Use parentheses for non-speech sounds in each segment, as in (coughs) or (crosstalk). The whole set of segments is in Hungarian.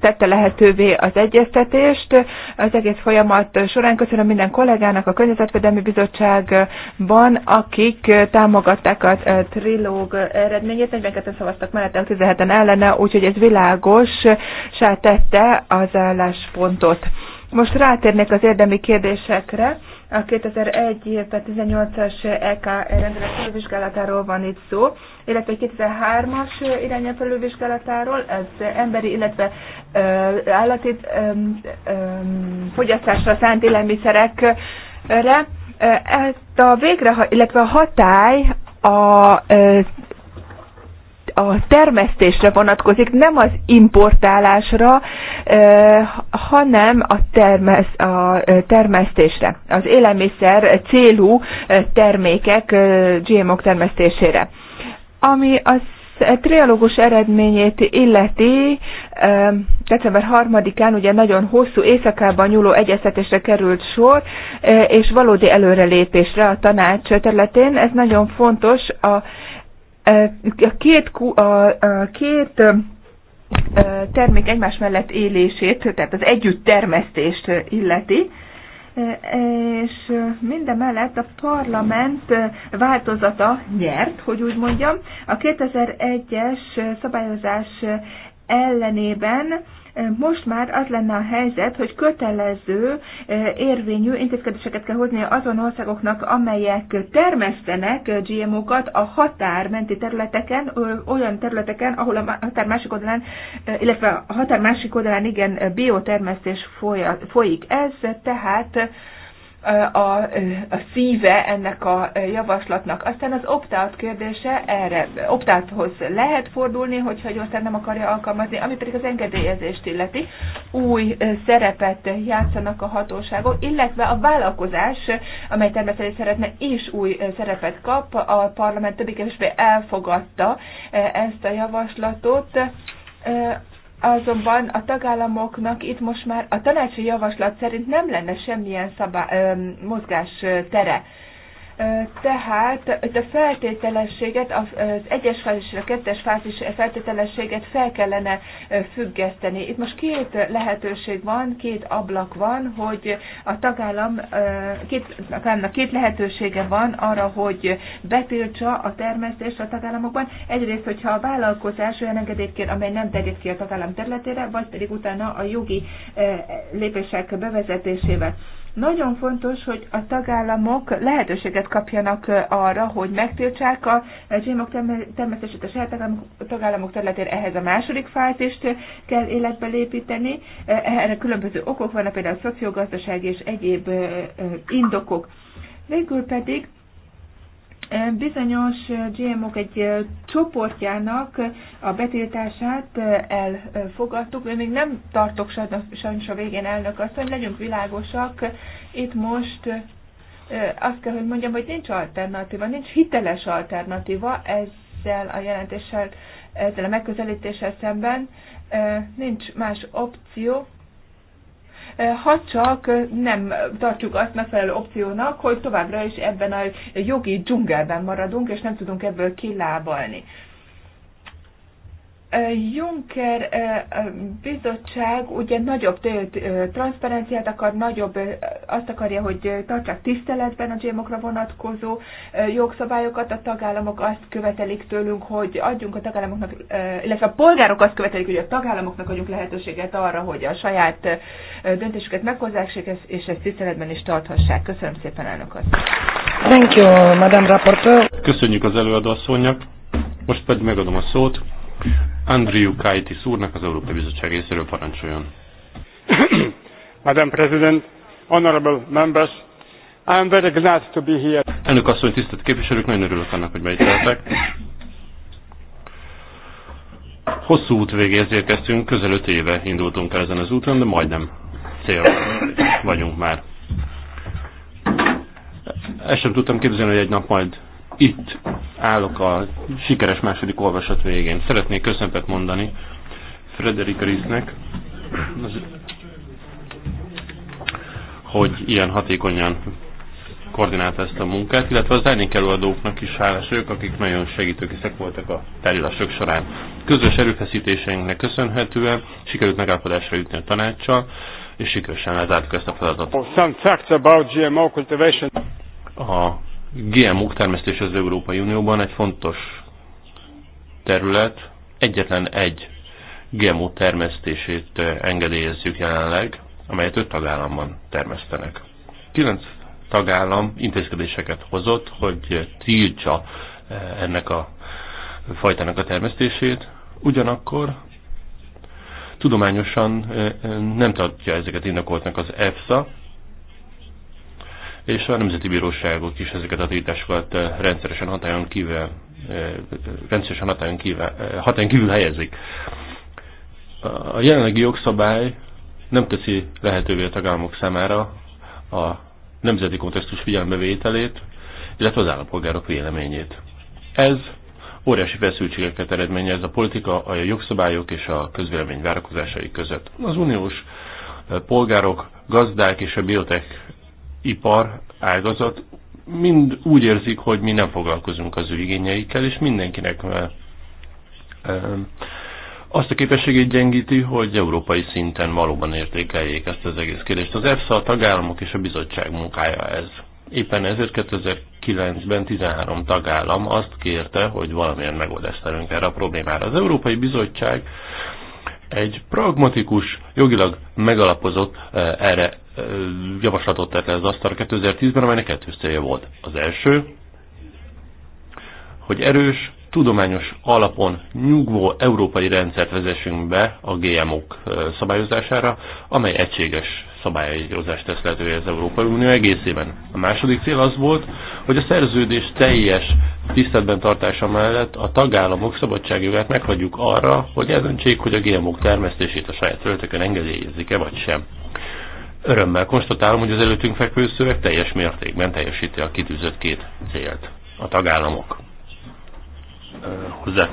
tette lehetővé az egyeztetést. Az egész folyamat során köszönöm minden kollégának a Környezetvédelmi Bizottságban, akik támogatták a eh, trilóg eredményét. 42-en szavaztak mellettem, 17-en ellene, úgyhogy ez világos, világossá tette az álláspontot. Most rátérnék az érdemi kérdésekre. A 2001 per 18-as EK rendelet felülvizsgálatáról van itt szó, illetve 2003-as irányel felülvizsgálatáról, ez emberi, illetve ö, állati ö, ö, fogyasztásra szánt élelmiszerekre. Ezt a végre, illetve a hatály a a termesztésre vonatkozik, nem az importálásra, hanem a, termesz, a termesztésre, az élelmiszer célú termékek GMO-k termesztésére. Ami az triológus eredményét illeti, december 3-án ugye nagyon hosszú éjszakában nyúló egyeztetésre került sor, és valódi előrelépésre a tanács területén. Ez nagyon fontos a a két, a, a két termék egymás mellett élését, tehát az együtt termesztést illeti, és minden mellett a parlament változata nyert, hogy úgy mondjam. A 2001-es szabályozás ellenében most már az lenne a helyzet, hogy kötelező érvényű intézkedéseket kell hozni azon országoknak, amelyek termesztenek GMO-kat a határmenti területeken, olyan területeken, ahol a határ másik oldalán, illetve a határ másik oldalán igen biotermesztés folyik. Ez tehát a, a szíve ennek a javaslatnak. Aztán az opt kérdése erre, opt lehet fordulni, hogyha egy ország nem akarja alkalmazni, ami pedig az engedélyezést illeti. Új szerepet játszanak a hatóságok, illetve a vállalkozás, amely természetesen szeretne, is új szerepet kap. A parlament többé kevésbé elfogadta eh, ezt a javaslatot eh, Azonban a tagállamoknak itt most már a tanácsi javaslat szerint nem lenne semmilyen szabá, ö, mozgás tere. Tehát itt a feltételességet, az egyes és a kettes fázis feltételességet fel kellene függeszteni. Itt most két lehetőség van, két ablak van, hogy a tagállam, két, tagállamnak két lehetősége van arra, hogy betiltsa a termesztést a tagállamokban. Egyrészt, hogyha a vállalkozás olyan engedélyt kér, amely nem terjed ki a tagállam területére, vagy pedig utána a jogi lépések bevezetésével. Nagyon fontos, hogy a tagállamok lehetőséget kapjanak arra, hogy megtiltsák a GMO természetesen a tagállamok területén. Ehhez a második fázist kell életbe lépíteni. Erre különböző okok vannak, például a szociogazdaság és egyéb indokok. Végül pedig bizonyos eh, GMO-k egy eh, csoportjának eh, a betiltását elfogadtuk. Én még nem tartok sajnos a végén elnök azt, hogy legyünk világosak. Itt most azt kell, hogy mondjam, hogy nincs alternatíva, nincs hiteles alternatíva ezzel a jelentéssel, ezzel a megközelítéssel szemben. Nincs más opció, Eh, ha csak eh, nem tartjuk azt megfelelő opciónak, hogy továbbra is ebben a jogi dzsungelben maradunk, és nem tudunk ebből kilábalni. Juncker bizottság ugye nagyobb transzparenciát akar, nagyobb, azt akarja, hogy tartsák tiszteletben a gémokra vonatkozó jogszabályokat, a tagállamok azt követelik tőlünk, hogy adjunk a tagállamoknak, illetve a polgárok azt követelik, hogy a tagállamoknak adjunk lehetőséget arra, hogy a saját döntésüket meghozzák, és ezt tiszteletben is tarthassák. Köszönöm szépen, elnök Thank you, Madame Rapporteur. Köszönjük az előadó asszonynak. Most pedig megadom a szót Andriu Kaitis úrnak az Európai Bizottság részéről parancsoljon. (coughs) Madam President, honorable members, I am very glad to be here. Elnök asszony, tisztelt képviselők, nagyon örülök annak, hogy beiteltek. Hosszú út végéhez érkeztünk, közel öt éve indultunk el ezen az úton, de majdnem cél vagyunk már. Ezt sem tudtam képzelni, hogy egy nap majd itt állok a sikeres második olvasat végén. Szeretnék köszöntet mondani Frederik Risznek, hogy ilyen hatékonyan koordinálta ezt a munkát, illetve az elnék előadóknak is hálás ők, akik nagyon segítőkészek voltak a tárgyalások során. Közös erőfeszítéseinknek köszönhetően sikerült megállapodásra jutni a tanácssal, és sikeresen lezártuk ezt a feladatot. Some facts about GMO cultivation. A gmo termesztés az Európai Unióban egy fontos terület. Egyetlen egy GMO termesztését engedélyezzük jelenleg, amelyet öt tagállamban termesztenek. Kilenc tagállam intézkedéseket hozott, hogy tiltsa ennek a fajtának a termesztését, ugyanakkor tudományosan nem tartja ezeket indokoltnak az EFSA, és a nemzeti bíróságok is ezeket a tiltásokat eh, rendszeresen hatályon kívül, eh, rendszeresen hatályon kívül, eh, hatályon kívül helyezik. A jelenlegi jogszabály nem teszi lehetővé a tagállamok számára a nemzeti kontextus figyelmevételét, illetve az állampolgárok véleményét. Ez óriási feszültségeket eredményez a politika, a jogszabályok és a közvélemény várakozásai között. Az uniós polgárok, gazdák és a biotech ipar, ágazat mind úgy érzik, hogy mi nem foglalkozunk az ő igényeikkel, és mindenkinek azt a képességét gyengíti, hogy európai szinten valóban értékeljék ezt az egész kérdést. Az EFSA, a tagállamok és a bizottság munkája ez. Éppen ezért 2009-ben 13 tagállam azt kérte, hogy valamilyen megoldást erre a problémára. Az Európai Bizottság egy pragmatikus, jogilag megalapozott eh, erre eh, javaslatot tett le az asztal 2010-ben, amelynek kettő célja volt. Az első, hogy erős, tudományos alapon nyugvó európai rendszert vezessünk be a GMO-k eh, szabályozására, amely egységes szabályozást tesz lehetővé az Európai Unió egészében. A második cél az volt, hogy a szerződés teljes tiszteletben tartása mellett a tagállamok szabadságjogát meghagyjuk arra, hogy eldöntsék, hogy a gmo termesztését a saját földeken engedélyezik-e vagy sem. Örömmel konstatálom, hogy az előttünk fekvő szöveg teljes mértékben teljesíti a kitűzött két célt. A tagállamok hozzá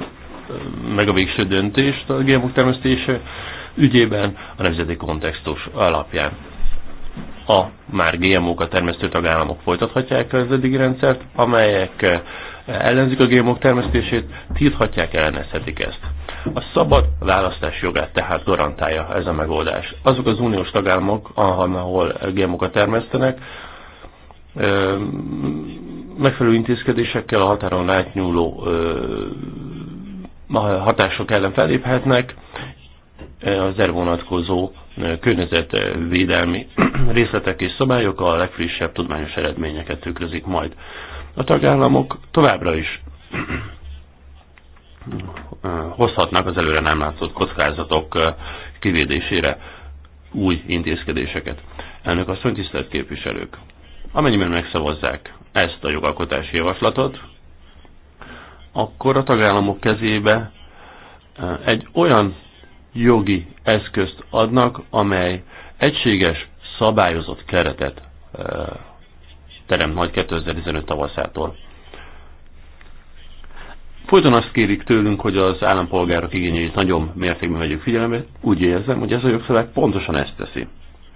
meg a végső döntést a GMO termesztése ügyében a nemzeti kontextus alapján. A már GMO-kat termesztő tagállamok folytathatják az eddigi rendszert, amelyek ellenzik a gémok termesztését, tilthatják, ellenezhetik ezt. A szabad választás jogát tehát garantálja ez a megoldás. Azok az uniós tagállamok, ahol gémokat termesztenek, megfelelő intézkedésekkel a határon átnyúló hatások ellen feléphetnek, az erre vonatkozó környezetvédelmi (clears throat) részletek és szabályok a legfrissebb tudományos eredményeket tükrözik majd a tagállamok továbbra is hozhatnak az előre nem látszott kockázatok eh, kivédésére új intézkedéseket. Elnök asszony, tisztelt képviselők! Amennyiben megszavazzák ezt a jogalkotási javaslatot, akkor a tagállamok kezébe eh, egy olyan jogi eszközt adnak, amely egységes, szabályozott keretet eh, terem majd 2015 tavaszától. Folyton azt kérik tőlünk, hogy az állampolgárok igényeit nagyon mértékben vegyük figyelembe. Úgy érzem, hogy ez a jogszabály pontosan ezt teszi.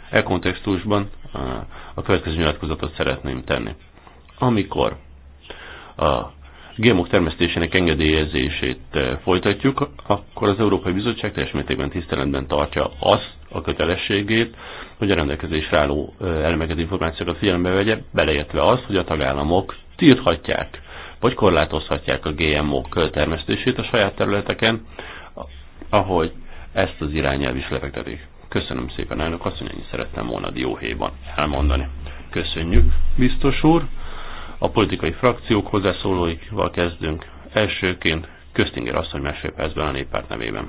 E kontextusban eh, a következő nyilatkozatot szeretném tenni. Amikor a GMO termesztésének engedélyezését eh, folytatjuk, akkor az Európai Bizottság teljes mértékben tiszteletben tartja azt a kötelességét, hogy a rendelkezésre álló eh, elemeket, információkat figyelembe vegye, beleértve azt, hogy a tagállamok tilthatják vagy korlátozhatják a GMO-k termesztését a saját területeken, ahogy ezt az irányelv is lefektetik. Köszönöm szépen, elnök hogy ennyit szerettem volna dióhéjban elmondani. Köszönjük, biztos úr! A politikai frakciók hozzászólóival kezdünk. Elsőként Köztinger asszony másfél percben a néppárt nevében.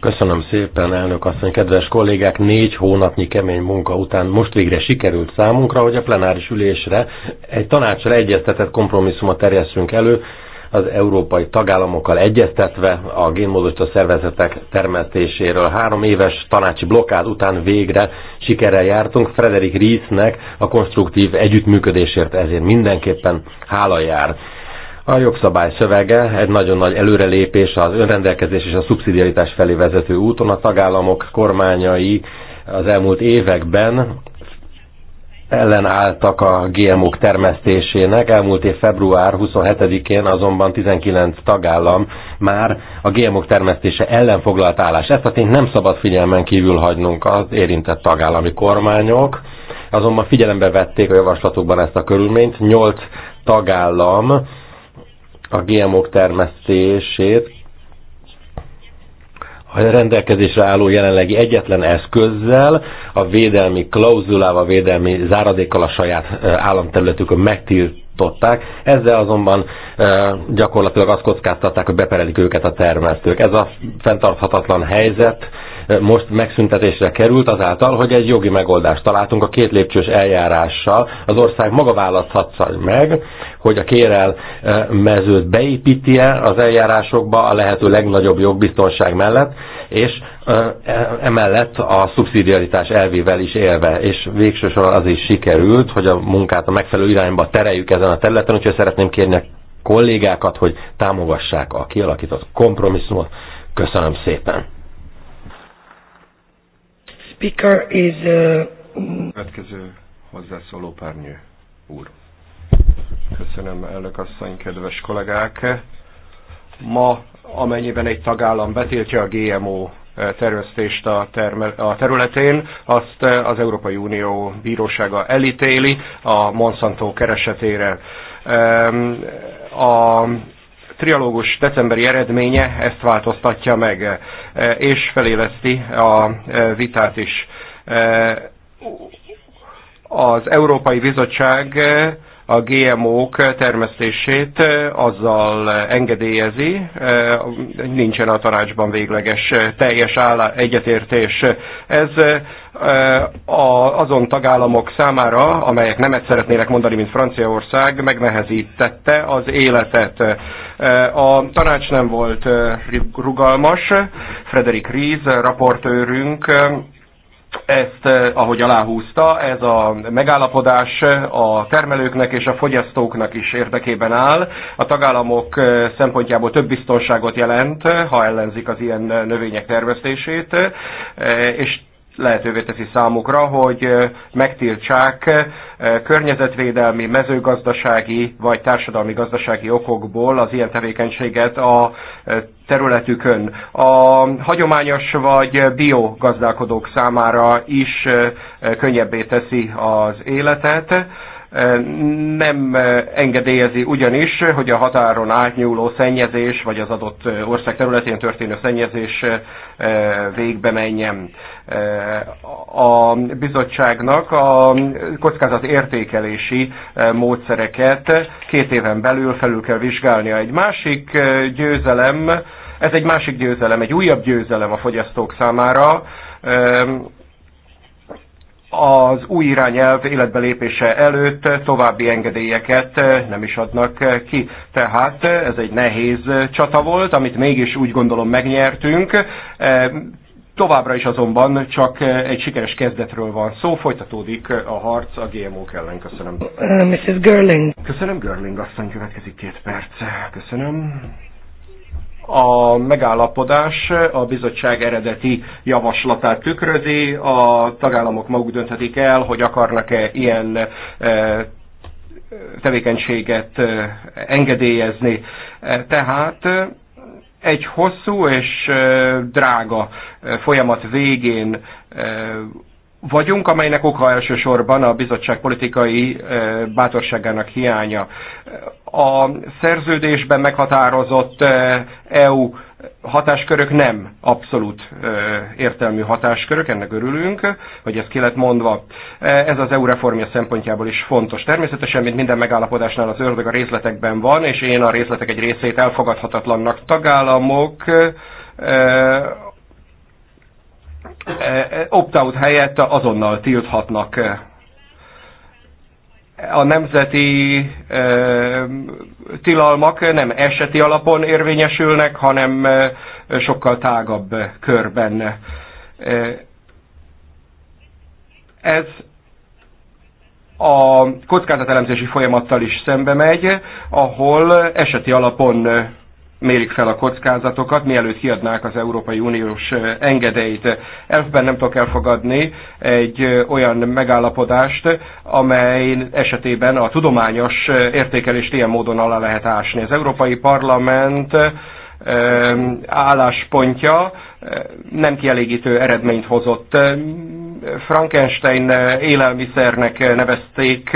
Köszönöm szépen, elnök asszony, kedves kollégák! Négy hónapnyi kemény munka után most végre sikerült számunkra, hogy a plenáris ülésre egy tanácsra egyeztetett kompromisszumot terjesszünk elő, az európai tagállamokkal egyeztetve a génmódosító szervezetek termesztéséről. Három éves tanácsi blokkád után végre sikerrel jártunk. Frederik Riesnek a konstruktív együttműködésért ezért mindenképpen hála jár. A jogszabály szövege egy nagyon nagy előrelépés az önrendelkezés és a szubszidiaritás felé vezető úton. A tagállamok kormányai az elmúlt években ellenálltak a GMO-k termesztésének. Elmúlt év február 27-én azonban 19 tagállam már a GMO-k termesztése ellen foglalt állást. Ezt a tényt nem szabad figyelmen kívül hagynunk az érintett tagállami kormányok. Azonban figyelembe vették a javaslatokban ezt a körülményt. 8 tagállam a GMO-k termesztését a rendelkezésre álló jelenlegi egyetlen eszközzel, a védelmi klauzulával, a védelmi záradékkal a saját államterületükön megtiltották. Ezzel azonban gyakorlatilag azt kockáztatták, hogy beperelik őket a termesztők. Ez a fenntarthatatlan helyzet most megszüntetésre került azáltal, hogy egy jogi megoldást találtunk a két lépcsős eljárással. Az ország maga választhatja meg, hogy a kérel e, mezőt beépíti-e az eljárásokba a lehető legnagyobb jogbiztonság mellett, és e, e, emellett a szubszidiaritás elvével is élve, és végsősorban az is sikerült, hogy a munkát a megfelelő irányba tereljük ezen a területen, úgyhogy szeretném kérni a kollégákat, hogy támogassák a kialakított kompromisszumot. Köszönöm szépen! speaker is... Uh, mm. Következő hozzászóló párnyő úr. Köszönöm, elnök asszony, kedves kollégák. Ma, amennyiben egy tagállam betiltja a GMO eh, terjesztést a, a területén, azt eh, az Európai Unió bírósága elítéli a Monsanto keresetére. A trialógus decemberi eredménye ezt változtatja meg, e, és feléleszti a e, vitát is. E, az Európai Bizottság a GMO-k termesztését azzal engedélyezi, nincsen a tanácsban végleges teljes egyetértés. Ez a azon tagállamok számára, amelyek nemet szeretnének mondani, mint Franciaország, megnehezítette az életet. A tanács nem volt rugalmas, Frederik Ries, raportőrünk, ezt, ahogy aláhúzta, ez a megállapodás a termelőknek és a fogyasztóknak is érdekében áll. A tagállamok szempontjából több biztonságot jelent, ha ellenzik az ilyen növények termesztését, és lehetővé teszi számukra, hogy megtiltsák környezetvédelmi, mezőgazdasági vagy társadalmi-gazdasági okokból az ilyen tevékenységet a területükön. A hagyományos vagy biogazdálkodók számára is könnyebbé teszi az életet nem engedélyezi ugyanis, hogy a határon átnyúló szennyezés, vagy az adott ország területén történő szennyezés végbe menjen. A bizottságnak a kockázat értékelési módszereket két éven belül felül kell vizsgálnia. Egy másik győzelem, ez egy másik győzelem, egy újabb győzelem a fogyasztók számára, az új irányelv életbe lépése előtt további engedélyeket nem is adnak ki. Tehát ez egy nehéz csata volt, amit mégis úgy gondolom megnyertünk. E, továbbra is azonban csak egy sikeres kezdetről van szó, folytatódik a harc a GMO-k ellen. Köszönöm. Uh, Mrs. Görling. Köszönöm, Görling asszony, következik két perc. Köszönöm a megállapodás a bizottság eredeti javaslatát tükrözi, a tagállamok maguk dönthetik el, hogy akarnak-e ilyen eh, tevékenységet eh, engedélyezni. Eh, tehát egy hosszú és drága folyamat végén vagyunk, amelynek oka elsősorban a bizottság politikai bátorságának hiánya. A szerződésben meghatározott EU hatáskörök nem abszolút értelmű hatáskörök, ennek örülünk, hogy ez ki lett mondva. Ez az EU reformja szempontjából is fontos. Természetesen, mint minden megállapodásnál az ördög a részletekben van, és én a részletek egy részét elfogadhatatlannak tagállamok Eh, eh, opt-out helyett azonnal tilthatnak eh. a nemzeti tilalmak nem eseti alapon érvényesülnek, hanem sokkal tágabb körben. Ez a kockázatelemzési folyamattal is szembe megy, ahol eseti alapon mérik fel a kockázatokat, mielőtt kiadnák az Európai Uniós engedélyt. Elfben nem tudok elfogadni egy olyan megállapodást, amely esetében a tudományos értékelést ilyen módon alá lehet ásni. Az Európai Parlament álláspontja nem kielégítő eredményt hozott. Frankenstein élelmiszernek nevezték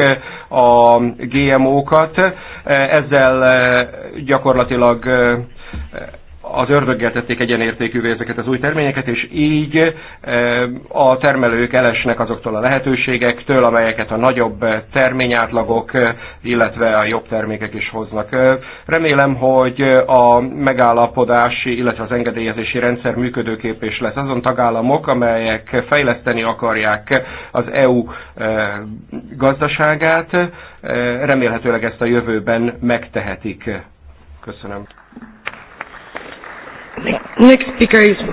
a GMO-kat, ezzel gyakorlatilag az ördöggel tették egyenértékűvé ezeket az új terményeket, és így eh, a termelők elesnek azoktól a lehetőségektől, amelyeket a nagyobb terményátlagok, eh, illetve a jobb termékek is hoznak. Eh, remélem, hogy a megállapodási, illetve az engedélyezési rendszer működőképes lesz. Azon tagállamok, amelyek fejleszteni akarják az EU gazdaságát, remélhetőleg ezt a jövőben megtehetik. Köszönöm. Next speaker is